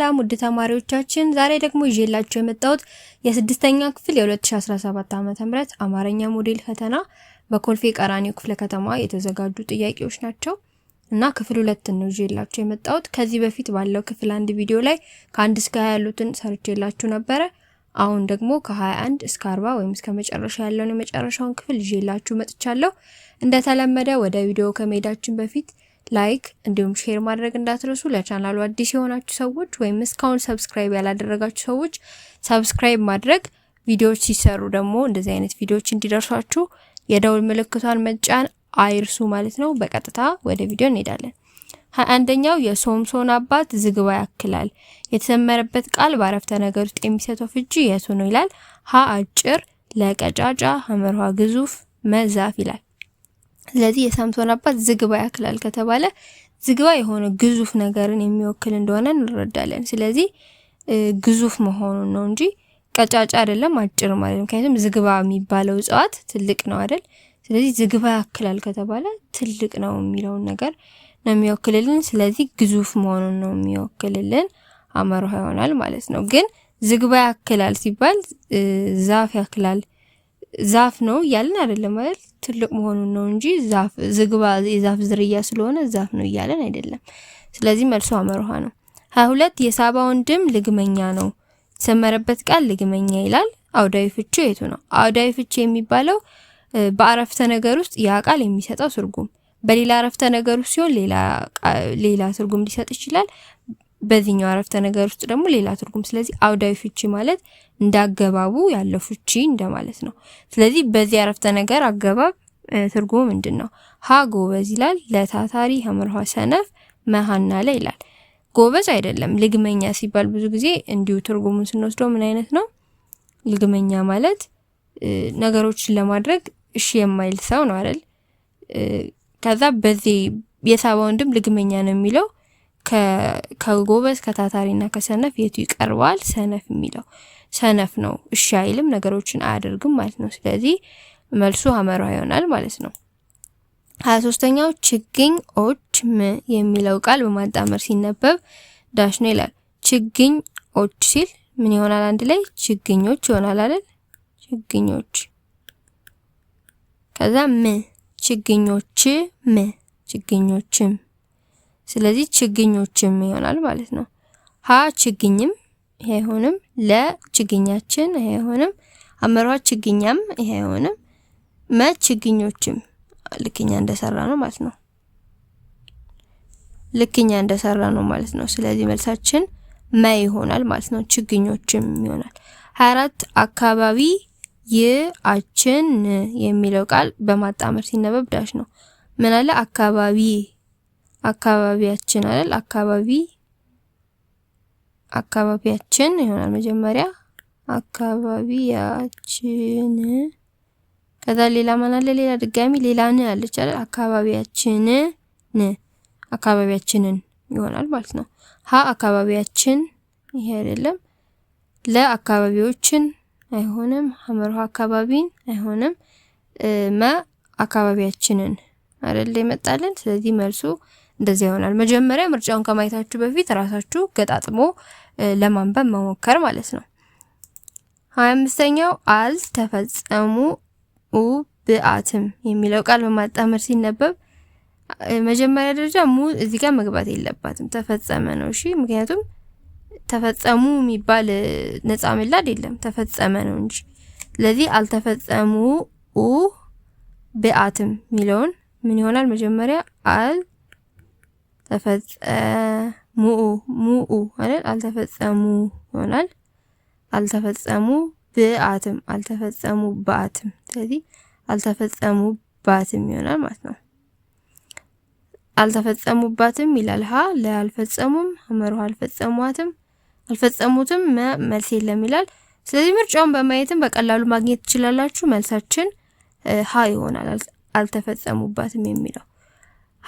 ሰላም ውድ ተማሪዎቻችን፣ ዛሬ ደግሞ ይዤላችሁ የመጣሁት የስድስተኛ ክፍል የ2017 ዓ.ም አማርኛ ሞዴል ፈተና በኮልፌ ቀራኒዮ ክፍለ ከተማ የተዘጋጁ ጥያቄዎች ናቸው እና ክፍል ሁለት ነው ይዤላችሁ የመጣሁት። ከዚህ በፊት ባለው ክፍል አንድ ቪዲዮ ላይ ከአንድ እስከ ሀያ ያሉትን ሰርቼላችሁ ነበረ። አሁን ደግሞ ከ21 እስከ 40 ወይም እስከ መጨረሻ ያለውን የመጨረሻውን ክፍል ይዤላችሁ መጥቻለሁ። እንደተለመደ ወደ ቪዲዮ ከመሄዳችን በፊት ላይክ እንዲሁም ሼር ማድረግ እንዳትረሱ። ለቻናሉ አዲስ የሆናችሁ ሰዎች ወይም እስካሁን ሰብስክራይብ ያላደረጋችሁ ሰዎች ሰብስክራይብ ማድረግ፣ ቪዲዮዎች ሲሰሩ ደግሞ እንደዚህ አይነት ቪዲዮዎች እንዲደርሷችሁ የደውል ምልክቷን መጫን አይርሱ ማለት ነው። በቀጥታ ወደ ቪዲዮ እንሄዳለን። አንደኛው የሶምሶን አባት ዝግባ ያክላል። የተሰመረበት ቃል በአረፍተ ነገር ውስጥ የሚሰጠው ፍቺ የቱ ነው ይላል። ሀ አጭር፣ ለቀጫጫ፣ ሐመርሃ ግዙፍ፣ መዛፍ ይላል። ስለዚህ የሳምሶን አባት ዝግባ ያክላል ከተባለ ዝግባ የሆነ ግዙፍ ነገርን የሚወክል እንደሆነ እንረዳለን። ስለዚህ ግዙፍ መሆኑን ነው እንጂ ቀጫጫ አይደለም፣ አጭር ማለት ነው። ምክንያቱም ዝግባ የሚባለው እጽዋት ትልቅ ነው አይደል? ስለዚህ ዝግባ ያክላል ከተባለ ትልቅ ነው የሚለውን ነገር ነው የሚወክልልን። ስለዚህ ግዙፍ መሆኑን ነው የሚወክልልን። አመርሃ ይሆናል ማለት ነው። ግን ዝግባ ያክላል ሲባል ዛፍ ያክላል ዛፍ ነው እያለን አይደለም ማለት ትልቅ መሆኑን ነው እንጂ ዛፍ ዝግባ የዛፍ ዝርያ ስለሆነ ዛፍ ነው እያለን አይደለም። ስለዚህ መልሶ አመርሃ ነው። ሀያ ሁለት የሳባ ወንድም ልግመኛ ነው የተሰመረበት ቃል ልግመኛ ይላል። አውዳዊ ፍቹ የቱ ነው? አውዳዊ ፍቹ የሚባለው በአረፍተ ነገር ውስጥ ያ ቃል የሚሰጠው ትርጉም በሌላ አረፍተ ነገር ውስጥ ሲሆን ሌላ ትርጉም ሊሰጥ ይችላል። በዚህኛው አረፍተ ነገር ውስጥ ደግሞ ሌላ ትርጉም። ስለዚህ አውዳዊ ፍቺ ማለት እንዳገባቡ ያለው ፍቺ እንደማለት ነው። ስለዚህ በዚህ አረፍተ ነገር አገባብ ትርጉሙ ምንድን ነው? ሀ ጎበዝ ይላል ለታታሪ ሀምርሃ ሰነፍ መሀና ላይ ይላል። ጎበዝ አይደለም ልግመኛ ሲባል ብዙ ጊዜ እንዲሁ ትርጉሙን ስንወስደው ምን አይነት ነው? ልግመኛ ማለት ነገሮችን ለማድረግ እሺ የማይል ሰው ነው አይደል? ከዛ በዚህ የሳባ ወንድም ልግመኛ ነው የሚለው ከጎበዝ ከታታሪና ከሰነፍ የቱ ይቀርባል? ሰነፍ የሚለው ሰነፍ ነው፣ እሺ አይልም፣ ነገሮችን አያደርግም ማለት ነው። ስለዚህ መልሱ አመራ ይሆናል ማለት ነው። ሀያ ሶስተኛው ም የሚለው ቃል በማጣመር ሲነበብ ዳሽ ነው ይላል። ኦች ሲል ምን ይሆናል? አንድ ላይ ችግኞች ይሆናል አይደል? ችግኞች ከዛ ም ችግኞች ም ችግኞችም ስለዚህ ችግኞችም ይሆናል ማለት ነው። ሀ ችግኝም ይሄ አይሆንም። ለ ችግኛችን ይሄ አይሆንም። አመሯ ችግኛም ይሄ አይሆንም። መ ችግኞችም ልክኛ እንደሰራ ነው ማለት ነው። ልክኛ እንደሰራ ነው ማለት ነው። ስለዚህ መልሳችን መ ይሆናል ማለት ነው። ችግኞችም ይሆናል። 24 አካባቢ ይአችን የሚለው ቃል በማጣመር ሲነበብ ዳሽ ነው። ምን አለ አካባቢ አካባቢያችን አይደል? አካባቢ አካባቢያችን ይሆናል መጀመሪያ አካባቢያችን ከዛ ሌላ ማን አለ? ሌላ ድጋሚ ሌላ ን አለች አይደል? አካባቢያችን ን አካባቢያችንን ይሆናል ማለት ነው። ሀ አካባቢያችን ይሄ አይደለም። ለ አካባቢዎችን አይሆንም። ሀመር አካባቢን አይሆንም። መ አካባቢያችንን አይደል የመጣልን። ስለዚህ መልሱ እንደዚያ ይሆናል። መጀመሪያ ምርጫውን ከማየታችሁ በፊት ራሳችሁ ገጣጥሞ ለማንበብ መሞከር ማለት ነው። ሀያ አምስተኛው አልተፈጸሙ ብአትም የሚለው ቃል በማጣመር ሲነበብ መጀመሪያ ደረጃ ሙ እዚህ ጋር መግባት የለባትም ተፈጸመ ነው። እሺ ምክንያቱም ተፈጸሙ የሚባል ነጻ ምላድ የለም ተፈጸመ ነው እንጂ። ስለዚህ አልተፈጸሙ ብአትም የሚለውን ምን ይሆናል መጀመሪያ አል ተፈጸሙ ሙኡ አይደል? አልተፈጸሙ ይሆናል። አልተፈጸሙ ብአትም አልተፈጸሙ ባትም። ስለዚህ አልተፈጸሙ ባትም ይሆናል ማለት ነው። አልተፈጸሙባትም ይላል። ሀ ለአልፈጸሙም አመሩ አልፈጸሟትም አልፈጸሙትም መልስ የለም ይላል። ስለዚህ ምርጫውን በማየትም በቀላሉ ማግኘት ትችላላችሁ። መልሳችን ሀ ይሆናል አልተፈጸሙባትም የሚለው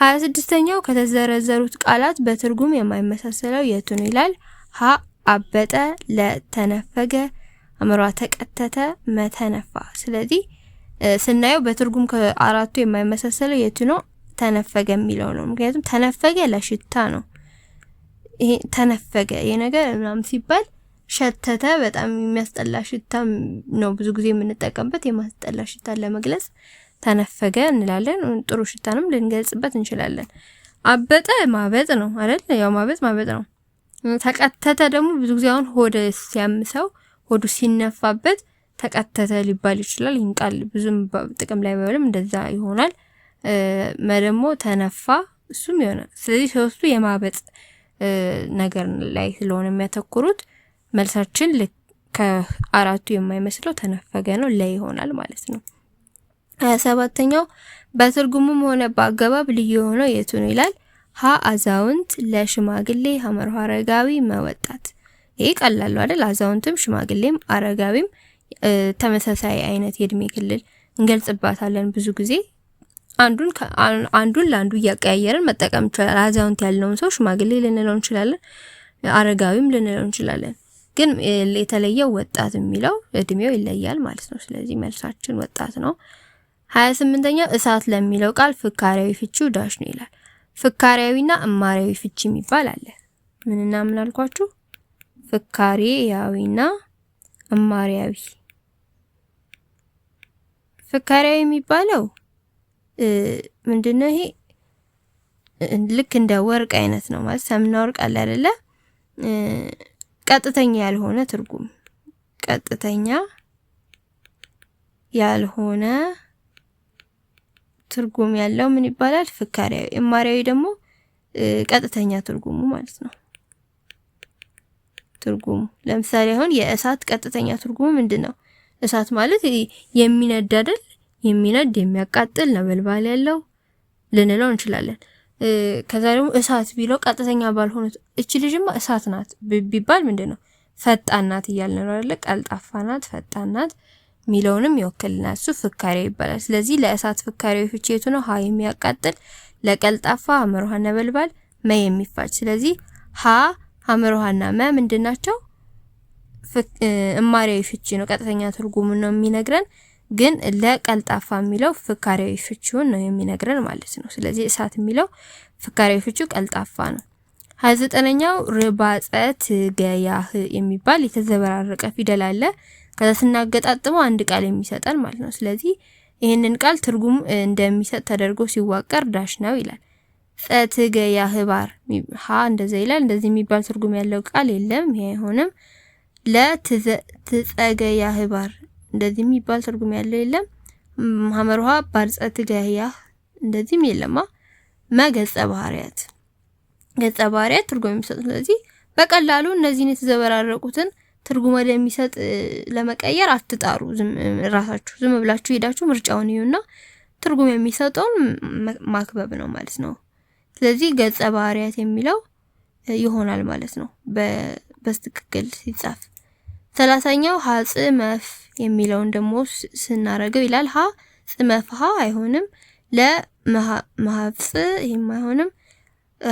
ሀያ ስድስተኛው ከተዘረዘሩት ቃላት በትርጉም የማይመሳሰለው የቱ ነው ይላል። ሀ አበጠ፣ ለ ተነፈገ፣ አምሯ ተቀተተ፣ መተነፋ። ስለዚህ ስናየው በትርጉም ከአራቱ የማይመሳሰለው የቱ ነው? ተነፈገ የሚለው ነው። ምክንያቱም ተነፈገ ለሽታ ነው። ይሄ ተነፈገ ይሄ ነገር ምናምን ሲባል ሸተተ በጣም የሚያስጠላ ሽታ ነው። ብዙ ጊዜ የምንጠቀምበት የማስጠላ ሽታ ለመግለጽ ተነፈገ እንላለን። ጥሩ ሽታንም ልንገልጽበት እንችላለን። አበጠ ማበጥ ነው አይደል? ያው ማበጥ ማበጥ ነው። ተቀተተ ደግሞ ብዙ ጊዜ አሁን ሆደ ሲያምሰው ሆዱ ሲነፋበት ተቀተተ ሊባል ይችላል። ይህን ቃል ብዙም ጥቅም ላይ ባይውልም እንደዛ ይሆናል። መደሞ ተነፋ፣ እሱም ይሆናል። ስለዚህ ሶስቱ የማበጥ ነገር ላይ ስለሆነ የሚያተኩሩት መልሳችን ከአራቱ የማይመስለው ተነፈገ ነው ለ ይሆናል ማለት ነው። ሰባተኛው በትርጉሙም ሆነ በአገባብ ልዩ የሆነው የቱ ነው ይላል። ሀ አዛውንት፣ ለሽማግሌ ሀመር አረጋዊ፣ መወጣት። ይሄ ቀላሉ አይደል? አዛውንትም ሽማግሌም አረጋዊም ተመሳሳይ አይነት የእድሜ ክልል እንገልጽባታለን ብዙ ጊዜ አንዱን አንዱን ለአንዱ እያቀያየርን መጠቀም ይቻላል። አዛውንት ያለውን ሰው ሽማግሌ ልንለው እንችላለን፣ አረጋዊም ልንለው እንችላለን። ግን የተለየው ወጣት የሚለው እድሜው ይለያል ማለት ነው። ስለዚህ መልሳችን ወጣት ነው። 28ኛው እሳት ለሚለው ቃል ፍካሪያዊ ፍቺው ዳሽ ነው ይላል። ፍካሪያዊና እማሪያዊ ፍቺ የሚባል አለ። ምንና ምን አልኳችሁ? ፍካሪያዊና እማሪያዊ። ፍካሪያዊ የሚባለው ምንድነው? ይሄ ልክ እንደ ወርቅ አይነት ነው ማለት ሰምና ወርቅ አለ አይደለ? ቀጥተኛ ያልሆነ ትርጉም ቀጥተኛ ያልሆነ ትርጉም ያለው ምን ይባላል? ፍካሪያዊ። እማሪያዊ ደግሞ ቀጥተኛ ትርጉሙ ማለት ነው። ትርጉሙ ለምሳሌ አሁን የእሳት ቀጥተኛ ትርጉሙ ምንድን ነው? እሳት ማለት የሚነድ አይደል? የሚነድ የሚያቃጥል ነበልባል ያለው ልንለው እንችላለን። ከዛ ደግሞ እሳት ቢለው ቀጥተኛ ባልሆኑት እች ልጅማ እሳት ናት ቢባል ምንድን ነው? ፈጣን ናት እያልን ነው አይደል? ቀልጣፋ ናት፣ ፈጣን ናት ሚለውንም ይወክልናል። እሱ ፍካሬው ይባላል። ስለዚህ ለእሳት ፍካሬው ፍቼቱ ነው ሀ የሚያቃጥል ለቀልጣፋ ሀመሮሃ ነበልባል መ የሚፋጭ። ስለዚህ ሀ አምሮሃና መ ምንድናቸው? እማሪያዊ ፍቺ ነው። ቀጥተኛ ትርጉሙ ነው የሚነግረን። ግን ለቀልጣፋ የሚለው ፍካሬያዊ ፍቺውን ነው የሚነግረን ማለት ነው። ስለዚህ እሳት የሚለው ፍካሬያዊ ፍቺው ቀልጣፋ ነው። ሀያ ዘጠነኛው ርባጸ ትገያህ የሚባል የተዘበራረቀ ፊደል አለ። ከዛ ስናገጣጥመው አንድ ቃል የሚሰጠን ማለት ነው። ስለዚህ ይህንን ቃል ትርጉም እንደሚሰጥ ተደርጎ ሲዋቀር ዳሽ ነው ይላል። ጸትገ ያህባር ሀ እንደዛ ይላል። እንደዚህ የሚባል ትርጉም ያለው ቃል የለም፣ ይሄ አይሆንም። ለትጸገ ያህባር እንደዚህ የሚባል ትርጉም ያለው የለም። ሀመር ውሃ ባር እንደዚህም የለማ። መገጸ ባህሪያት ገጸ ባህሪያት ትርጉም የሚሰጡ ስለዚህ በቀላሉ እነዚህን የተዘበራረቁትን ትርጉም ወደሚሰጥ ለመቀየር አትጣሩ። ራሳችሁ ዝም ብላችሁ ሄዳችሁ ምርጫውን እዩና ትርጉም የሚሰጠውን ማክበብ ነው ማለት ነው። ስለዚህ ገጸ ባህሪያት የሚለው ይሆናል ማለት ነው በስትክክል ሲጻፍ። ሰላሳኛው ሀ ጽመፍ የሚለውን ደግሞ ስናረገው ይላል ሀ ጽመፍ ሀ አይሆንም። ለመሀፍጽ ይህም አይሆንም።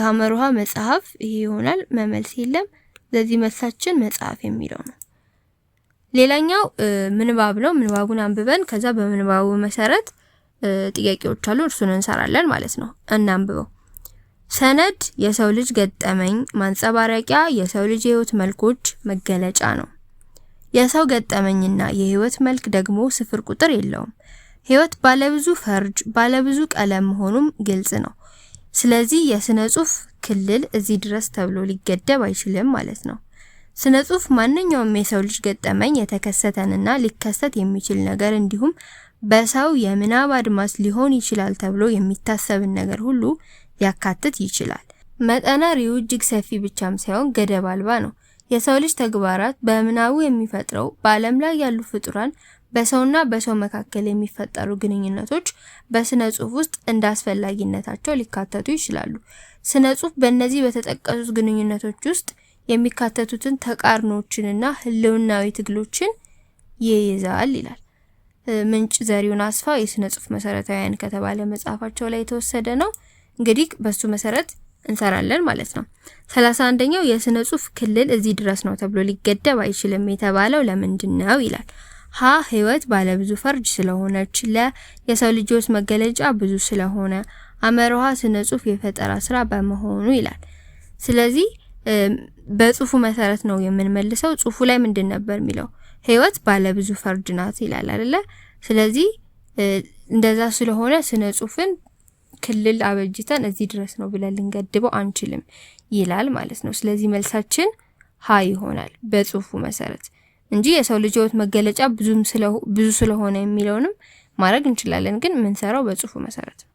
ሀመሩሃ መጽሐፍ ይሄ ይሆናል። መመልስ የለም። ለዚህ መሳችን መጽሐፍ የሚለው ነው። ሌላኛው ምንባብ ነው። ምንባቡን አንብበን ከዛ በምንባቡ መሰረት ጥያቄዎች አሉ፣ እርሱን እንሰራለን ማለት ነው። እናንብበው። ሰነድ የሰው ልጅ ገጠመኝ ማንጸባረቂያ፣ የሰው ልጅ የህይወት መልኮች መገለጫ ነው። የሰው ገጠመኝና የህይወት መልክ ደግሞ ስፍር ቁጥር የለውም። ህይወት ባለብዙ ፈርጅ፣ ባለብዙ ቀለም መሆኑም ግልጽ ነው። ስለዚህ የስነ ጽሁፍ ክልል እዚህ ድረስ ተብሎ ሊገደብ አይችልም ማለት ነው። ስነ ጽሁፍ ማንኛውም የሰው ልጅ ገጠመኝ የተከሰተንና ሊከሰት የሚችል ነገር እንዲሁም በሰው የምናብ አድማስ ሊሆን ይችላል ተብሎ የሚታሰብን ነገር ሁሉ ሊያካትት ይችላል። መጠነ ርዕዩ እጅግ ሰፊ ብቻም ሳይሆን ገደብ አልባ ነው። የሰው ልጅ ተግባራት በምናቡ የሚፈጥረው በዓለም ላይ ያሉ ፍጡራን በሰውና በሰው መካከል የሚፈጠሩ ግንኙነቶች በስነ ጽሁፍ ውስጥ እንደ አስፈላጊነታቸው ሊካተቱ ይችላሉ። ስነ ጽሁፍ በእነዚህ በተጠቀሱት ግንኙነቶች ውስጥ የሚካተቱትን ተቃርኖችንና ህልውናዊ ትግሎችን ይይዛል ይላል። ምንጭ ዘሪሁን አስፋ የስነ ጽሁፍ መሰረታዊያን ከተባለ መጽሐፋቸው ላይ የተወሰደ ነው። እንግዲህ በሱ መሰረት እንሰራለን ማለት ነው። ሰላሳ አንደኛው የስነ ጽሁፍ ክልል እዚህ ድረስ ነው ተብሎ ሊገደብ አይችልም የተባለው ለምንድን ነው ይላል። ሀ ህይወት ባለብዙ ፈርጅ ስለሆነች፣ ለ የሰው ልጆች መገለጫ ብዙ ስለሆነ፣ አመረሃ ስነ ጽሁፍ የፈጠራ ስራ በመሆኑ ይላል። ስለዚህ በጽሁፉ መሰረት ነው የምንመልሰው። ጽሁፉ ላይ ምንድን ነበር የሚለው? ህይወት ባለብዙ ፈርጅ ናት ይላል አይደለ? ስለዚህ እንደዛ ስለሆነ ስነ ጽሁፍን ክልል አበጅተን እዚህ ድረስ ነው ብለን ልንገድበው አንችልም ይላል ማለት ነው። ስለዚህ መልሳችን ሀ ይሆናል በጽሁፉ መሰረት። እንጂ የሰው ልጅ ህይወት መገለጫ ብዙ ስለሆነ የሚለውንም ማድረግ እንችላለን። ግን ምንሰራው በጽሁፉ መሰረት ነው።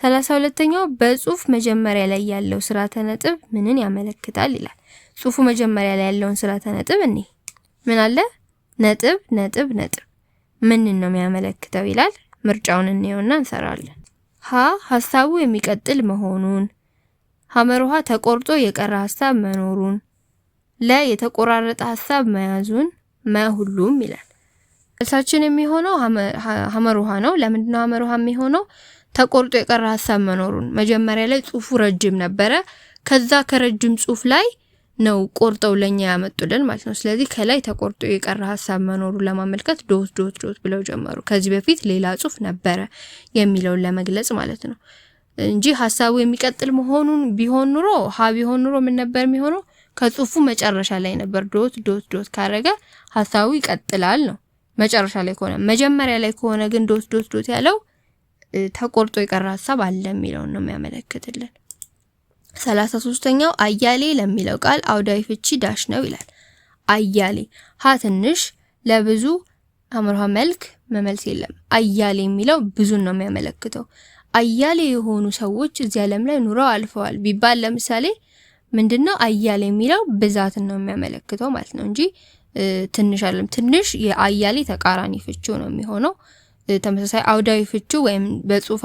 ሰላሳ ሁለተኛው በጽሁፍ መጀመሪያ ላይ ያለው ስርዓተ ነጥብ ምንን ያመለክታል ይላል። ጽሁፉ መጀመሪያ ላይ ያለውን ስርዓተ ነጥብ እኔ ምን አለ ነጥብ ነጥብ ነጥብ ምንን ነው የሚያመለክተው ይላል። ምርጫውን እንየውና እንሰራለን። ሀ ሀሳቡ የሚቀጥል መሆኑን፣ ሐመር ውሃ ተቆርጦ የቀረ ሀሳብ መኖሩን ለ የተቆራረጠ ሀሳብ መያዙን መሁሉም ይላል። መልሳችን የሚሆነው ሀመር ውሃ ነው። ለምንድነው ሀመር ውሃ የሚሆነው? ተቆርጦ የቀረ ሀሳብ መኖሩን። መጀመሪያ ላይ ጽሁፉ ረጅም ነበረ። ከዛ ከረጅም ጽሁፍ ላይ ነው ቆርጠው ለኛ ያመጡልን ማለት ነው። ስለዚህ ከላይ ተቆርጦ የቀረ ሀሳብ መኖሩን ለማመልከት ዶት ዶት ዶት ብለው ጀመሩ። ከዚህ በፊት ሌላ ጽሁፍ ነበረ የሚለውን ለመግለጽ ማለት ነው እንጂ ሀሳቡ የሚቀጥል መሆኑን ቢሆን ኑሮ ሀ ቢሆን ኑሮ ምን ነበር የሚሆነው? ከጽሁፉ መጨረሻ ላይ ነበር ዶት ዶት ዶት ካረገ ሀሳቡ ይቀጥላል ነው መጨረሻ ላይ ከሆነ። መጀመሪያ ላይ ከሆነ ግን ዶት ዶት ዶት ያለው ተቆርጦ የቀረ ሀሳብ አለ የሚለውን ነው የሚያመለክትልን። ሰላሳ ሶስተኛው አያሌ ለሚለው ቃል አውዳዊ ፍቺ ዳሽ ነው ይላል። አያሌ ሀ ትንሽ ለብዙ አምርሃ መልክ መመልስ የለም። አያሌ የሚለው ብዙን ነው የሚያመለክተው። አያሌ የሆኑ ሰዎች እዚህ ዓለም ላይ ኑረው አልፈዋል ቢባል ለምሳሌ ምንድነው አያሌ የሚለው ብዛትን ነው የሚያመለክተው ማለት ነው እንጂ ትንሽ አይደለም። ትንሽ የአያሌ ተቃራኒ ፍቺ ነው የሚሆነው። ተመሳሳይ አውዳዊ ፍቺ ወይም በጽሁፋ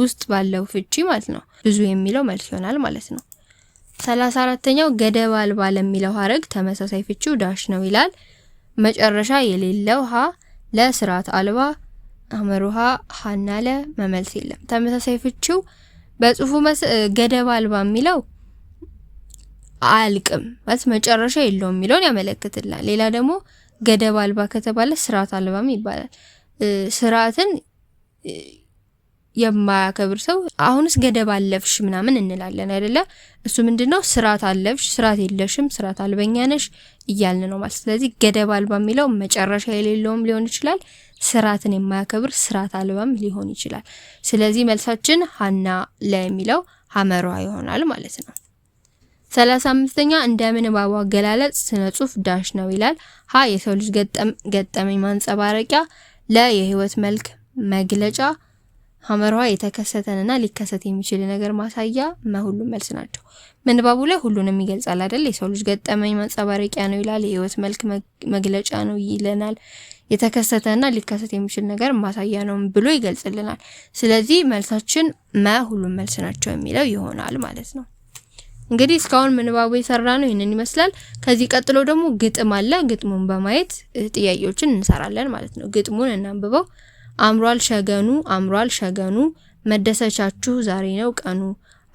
ውስጥ ባለው ፍቺ ማለት ነው ብዙ የሚለው መልስ ይሆናል ማለት ነው። ሰላሳ አራተኛው ገደብ አልባ ለሚለው ሀረግ ተመሳሳይ ፍቺው ዳሽ ነው ይላል። መጨረሻ የሌለው ሀ ለስርዓት አልባ አመሩሃ ሀና ለ መመልስ የለም። ተመሳሳይ ፍቺው በጽሁፉ ገደብ አልባ የሚለው አያልቅም ማለት መጨረሻ የለውም የሚለውን ያመለክትልናል። ሌላ ደግሞ ገደብ አልባ ከተባለ ስርዓት አልባም ይባላል። ስርዓትን የማያከብር ሰው አሁንስ ገደብ አለፍሽ ምናምን እንላለን አይደለ? እሱ ምንድነው ስርዓት አለፍሽ፣ ስርዓት የለሽም፣ ስርዓት አልበኛ ነሽ እያልን ነው ማለት። ስለዚህ ገደብ አልባ የሚለው መጨረሻ የሌለውም ሊሆን ይችላል፣ ስርዓትን የማያከብር ስርዓት አልባም ሊሆን ይችላል። ስለዚህ መልሳችን ሀና ለሚለው ሀመሯ ይሆናል ማለት ነው። 35ኛ እንደ ምንባቡ አገላለጽ ስነ ጽሁፍ ዳሽ ነው ይላል። ሀ የሰው ልጅ ገጠመኝ ማንጸባረቂያ፣ ለ የህይወት መልክ መግለጫ፣ ሀመርሃ የተከሰተንና ሊከሰት የሚችል ነገር ማሳያ መሁሉም መልስ ናቸው። ምንባቡ ላይ ሁሉንም ይገልጻል አይደል? የሰው ልጅ ገጠመኝ ማንጸባረቂያ ነው ይላል። የህይወት መልክ መግለጫ ነው ይለናል። የተከሰተና ሊከሰት የሚችል ነገር ማሳያ ነው ብሎ ይገልጽልናል። ስለዚህ መልሳችን መ መልስ ናቸው የሚለው ይሆናል ማለት ነው። እንግዲህ እስካሁን ምንባቡ የሰራ ነው ይህንን ይመስላል። ከዚህ ቀጥሎ ደግሞ ግጥም አለ። ግጥሙን በማየት ጥያቄዎችን እንሰራለን ማለት ነው። ግጥሙን እናንብበው። አምሯል ሸገኑ አምሯል ሸገኑ መደሰቻችሁ ዛሬ ነው ቀኑ።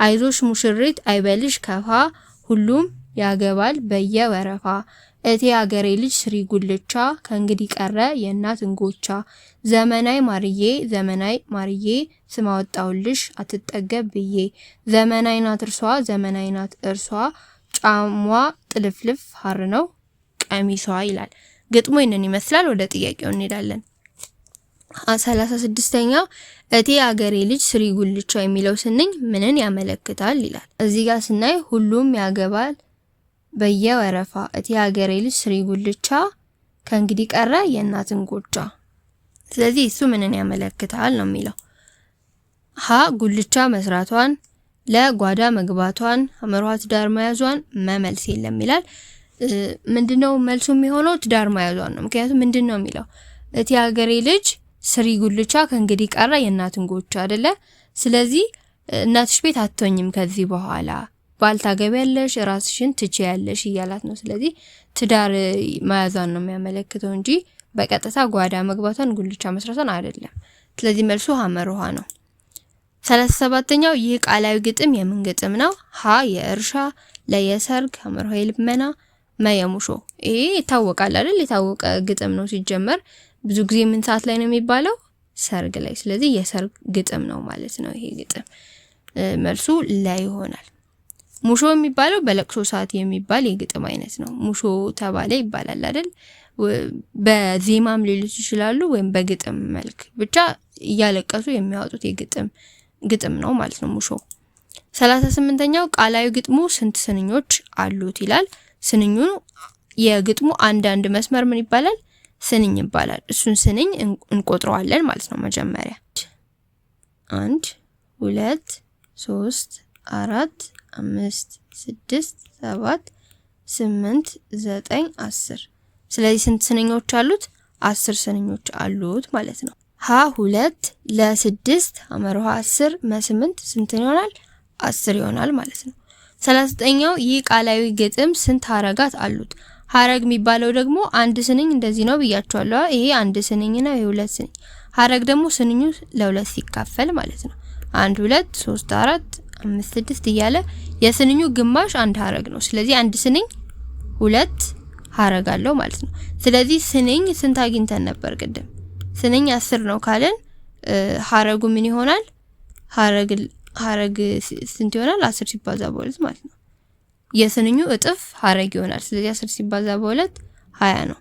አይዞሽ ሙሽሪት አይበልሽ ከፋ ሁሉም ያገባል በየወረፋ እቴ አገሬ ልጅ ስሪ ጉልቻ ከእንግዲህ ቀረ የእናት እንጎቻ ዘመናይ ማርዬ ዘመናይ ማርዬ ስማ ወጣውልሽ አትጠገብ ብዬ ዘመናይ ናት እርሷ ዘመናይ ናት እርሷ ጫሟ ጥልፍልፍ ሀር ነው ቀሚሷ ይላል ግጥሞ ይንን ይመስላል። ወደ ጥያቄው እንሄዳለን። ሰላሳ ስድስተኛው እቴ አገሬ ልጅ ስሪ ጉልቻ የሚለው ስንኝ ምንን ያመለክታል ይላል። እዚህ ጋር ስናይ ሁሉም ያገባል በየወረፋ እቲ ሀገሬ ልጅ ስሪ ጉልቻ ከእንግዲህ ቀረ የእናትን ጎጃ። ስለዚህ እሱ ምንን ያመለክታል ነው የሚለው ሀ ጉልቻ መስራቷን፣ ለጓዳ መግባቷን፣ አመሯ ትዳር መያዟን መመልስ የለም ይላል። ምንድነው መልሱ የሚሆነው? ትዳር መያዟን ነው። ምክንያቱም ምንድን ነው የሚለው እቲ ሀገሬ ልጅ ስሪ ጉልቻ ከእንግዲህ ቀረ የእናትን ጎቻ አይደለ? ስለዚህ እናትሽ ቤት አትሆኝም ከዚህ በኋላ ባል ራስሽን ትችያለሽ እያላት ነው። ስለዚህ ትዳር መያዟን ነው የሚያመለክተው እንጂ በቀጥታ ጓዳ መግባቷን ጉልቻ መስራቷን አይደለም። ስለዚህ መልሱ ሀመር ውሃ ነው። ሰላሳ ሰባተኛው ይህ ቃላዊ ግጥም የምን ግጥም ነው? ሀ የእርሻ፣ ለየሰርግ ሀመር ውሃ የልመና፣ መየሙሾ ይሄ ይታወቃል አይደል? የታወቀ ግጥም ነው። ሲጀመር ብዙ ጊዜ ምን ሰዓት ላይ ነው የሚባለው? ሰርግ ላይ። ስለዚህ የሰርግ ግጥም ነው ማለት ነው ይሄ ግጥም። መልሱ ለ ይሆናል። ሙሾ የሚባለው በለቅሶ ሰዓት የሚባል የግጥም አይነት ነው። ሙሾ ተባለ ይባላል አይደል? በዜማም ሊሉት ይችላሉ፣ ወይም በግጥም መልክ ብቻ እያለቀሱ የሚያወጡት የግጥም ግጥም ነው ማለት ነው ሙሾ። ሰላሳ ስምንተኛው ቃላዊ ግጥሙ ስንት ስንኞች አሉት ይላል። ስንኙ የግጥሙ አንዳንድ መስመር ምን ይባላል? ስንኝ ይባላል። እሱን ስንኝ እንቆጥረዋለን ማለት ነው። መጀመሪያ አንድ ሁለት ሶስት አራት አምስት፣ ስድስት፣ ሰባት፣ ስምንት፣ ዘጠኝ፣ አስር። ስለዚህ ስንት ስንኞች አሉት? አስር ስንኞች አሉት ማለት ነው። ሀ ሁለት ለስድስት አመርሃ አስር መስምንት ስንት ይሆናል? አስር ይሆናል ማለት ነው። ሰላሳ ዘጠኛው ይህ ቃላዊ ግጥም ስንት ሀረጋት አሉት? ሀረግ የሚባለው ደግሞ አንድ ስንኝ እንደዚህ ነው ብያቸዋለሁ። ይሄ አንድ ስንኝ ነው፣ ይሄ ሁለት ስንኝ። ሀረግ ደግሞ ስንኙ ለሁለት ሲካፈል ማለት ነው። አንድ ሁለት ሶስት አራት አምስት ስድስት እያለ የስንኙ ግማሽ አንድ ሀረግ ነው። ስለዚህ አንድ ስንኝ ሁለት ሀረግ አለው ማለት ነው። ስለዚህ ስንኝ ስንት አግኝተን ነበር ቅድም? ስንኝ አስር ነው ካለን ሀረጉ ምን ይሆናል? ሀረግ ሀረግ ስንት ይሆናል? አስር ሲባዛ በሁለት ማለት ነው። የስንኙ እጥፍ ሀረግ ይሆናል። ስለዚህ አስር ሲባዛ በሁለት ሀያ ነው።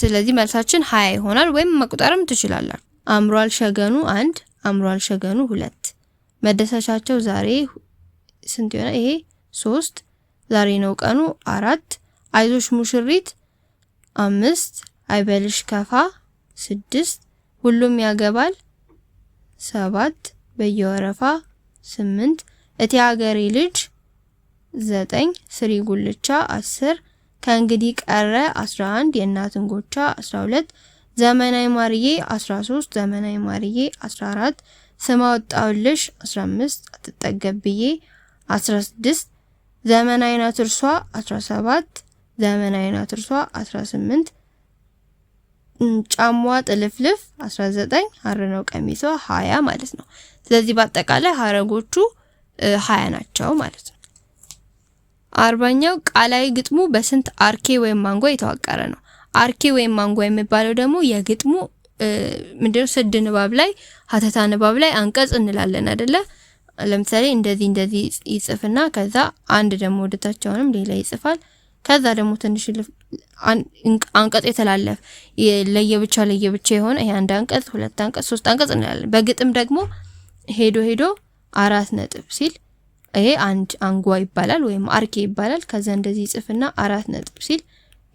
ስለዚህ መልሳችን ሀያ ይሆናል። ወይም መቁጠርም ትችላላችሁ። አምሯል ሸገኑ አንድ አምሯል ሸገኑ ሁለት መደሰቻቸው ዛሬ ስንት ይሆናል? ይሄ ሶስት ዛሬ ነው ቀኑ አራት አይዞሽ ሙሽሪት አምስት አይበልሽ ከፋ ስድስት ሁሉም ያገባል ሰባት በየወረፋ ስምንት እቴ ሀገሬ ልጅ ዘጠኝ ስሪ ጉልቻ አስር ከእንግዲህ ቀረ አስራ አንድ የእናትን ጎቻ አስራ ሁለት ዘመናዊ ማርዬ አስራ ሶስት ዘመናዊ ማርዬ አስራ አራት ስም 15 አትጠገብ ብዬ 16 ዘመን ናት እርሷ 17 ዘመን ናት እርሷ 18 ጫሟ ጥልፍልፍ 19 ሀር ነው ቀሚሷ 20 ማለት ነው። ስለዚህ በአጠቃላይ ሀረጎቹ 20 ናቸው ማለት ነው። አርባኛው ቃላዊ ግጥሙ በስንት አርኬ ወይም ማንጓ የተዋቀረ ነው? አርኬ ወይም ማንጓ የሚባለው ደግሞ የግጥሙ ምንድነው ስድ ንባብ ላይ ሀተታ ንባብ ላይ አንቀጽ እንላለን አይደለ? ለምሳሌ እንደዚህ እንደዚህ ይጽፍና ከዛ አንድ ደግሞ ወደታቸውንም ሌላ ይጽፋል። ከዛ ደግሞ ትንሽ አንቀጽ የተላለፍ ለየብቻ ለየብቻ የሆነ ይሄ አንድ አንቀጽ፣ ሁለት አንቀጽ፣ ሶስት አንቀጽ እንላለን። በግጥም ደግሞ ሄዶ ሄዶ አራት ነጥብ ሲል ይሄ አንድ አንጓ ይባላል ወይም አርኬ ይባላል። ከዛ እንደዚህ ይጽፍና አራት ነጥብ ሲል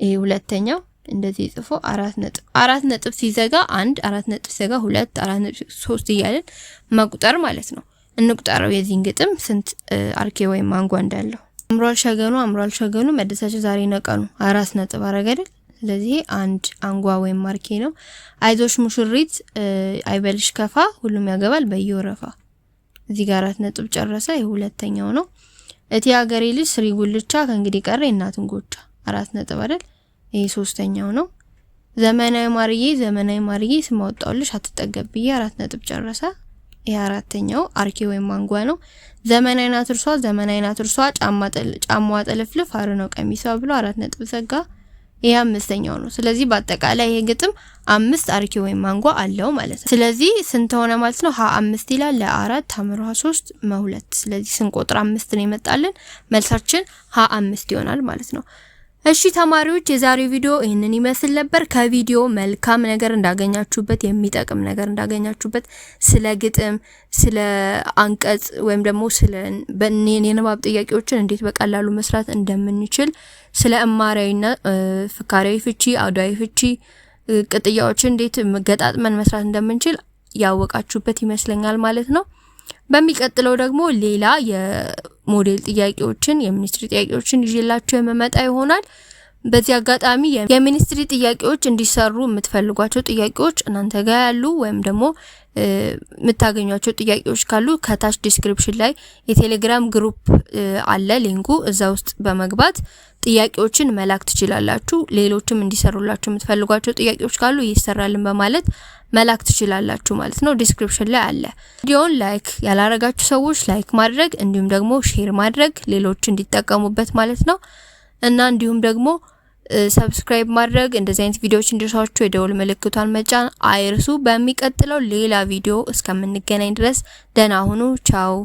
ይሄ ሁለተኛው እንደዚህ ጽፎ አራት ነጥብ አራት ነጥብ ሲዘጋ አንድ አራት ነጥብ ሲዘጋ ሁለት አራት ነጥብ ሶስት እያለን መቁጠር ማለት ነው። እንቁጠረው የዚህን ግጥም ስንት አርኬ ወይም ማንጎ እንዳለው። አምሯል ሸገኑ አምሯል ሸገኑ መደሳቸው ዛሬ ነቀኑ አራት ነጥብ አረገድል። ስለዚህ አንድ አንጓ ወይም አርኬ ነው። አይዞሽ ሙሽሪት አይበልሽ ከፋ ሁሉም ያገባል በየወረፋ። እዚህ ጋር አራት ነጥብ ጨረሰ። የሁለተኛው ነው። እቲ ሀገሬ ልጅ ስሪ ጉልቻ ከእንግዲህ ቀረ የእናትን ጎቻ አራት ነጥብ አይደል ይህ ሶስተኛው ነው። ዘመናዊ ማርዬ ዘመናዊ ማርዬ ስማወጣውልሽ አትጠገብ ብዬ አራት ነጥብ ጨረሰ። ይህ አራተኛው አርኬ ወይም ማንጓ ነው። ዘመናዊ ናት እርሷ ዘመናዊ ናት እርሷ ጫማዋ ጥልፍልፍ አር ነው ቀሚሷ ብሎ አራት ነጥብ ዘጋ። ይህ አምስተኛው ነው። ስለዚህ በአጠቃላይ ይሄ ግጥም አምስት አርኬ ወይም ማንጓ አለው ማለት ነው። ስለዚህ ስንት ሆነ ማለት ነው? ሀ አምስት ይላል ለአራት ሀምር ሀ ሶስት መሁለት። ስለዚህ ስንቆጥር አምስት ነው ይመጣልን። መልሳችን ሀ አምስት ይሆናል ማለት ነው። እሺ ተማሪዎች የዛሬው ቪዲዮ ይህንን ይመስል ነበር። ከቪዲዮ መልካም ነገር እንዳገኛችሁበት፣ የሚጠቅም ነገር እንዳገኛችሁበት ስለ ግጥም፣ ስለ አንቀጽ ወይም ደግሞ ስለ የንባብ ጥያቄዎችን እንዴት በቀላሉ መስራት እንደምንችል ስለ እማሪያዊና ፍካሪያዊ ፍቺ፣ አውዳዊ ፍቺ፣ ቅጥያዎችን እንዴት ገጣጥመን መስራት እንደምንችል ያወቃችሁበት ይመስለኛል ማለት ነው። በሚቀጥለው ደግሞ ሌላ የሞዴል ጥያቄዎችን የሚኒስትሪ ጥያቄዎችን ይዤላችሁ የመመጣ ይሆናል። በዚህ አጋጣሚ የሚኒስትሪ ጥያቄዎች እንዲሰሩ የምትፈልጓቸው ጥያቄዎች እናንተ ጋር ያሉ ወይም ደግሞ የምታገኟቸው ጥያቄዎች ካሉ ከታች ዲስክሪፕሽን ላይ የቴሌግራም ግሩፕ አለ፣ ሊንኩ እዛ ውስጥ በመግባት ጥያቄዎችን መላክ ትችላላችሁ። ሌሎችም እንዲሰሩላችሁ የምትፈልጓቸው ጥያቄዎች ካሉ ይሰራልን በማለት መላክ ትችላላችሁ ማለት ነው። ዲስክሪፕሽን ላይ አለ። ቪዲዮውን ላይክ ያላረጋችሁ ሰዎች ላይክ ማድረግ እንዲሁም ደግሞ ሼር ማድረግ ሌሎች እንዲጠቀሙበት ማለት ነው እና እንዲሁም ደግሞ ሰብስክራይብ ማድረግ፣ እንደዚህ አይነት ቪዲዮዎች እንዲደርሳችሁ የደውል ምልክቷን መጫን አይርሱ። በሚቀጥለው ሌላ ቪዲዮ እስከምንገናኝ ድረስ ደህና ሁኑ። ቻው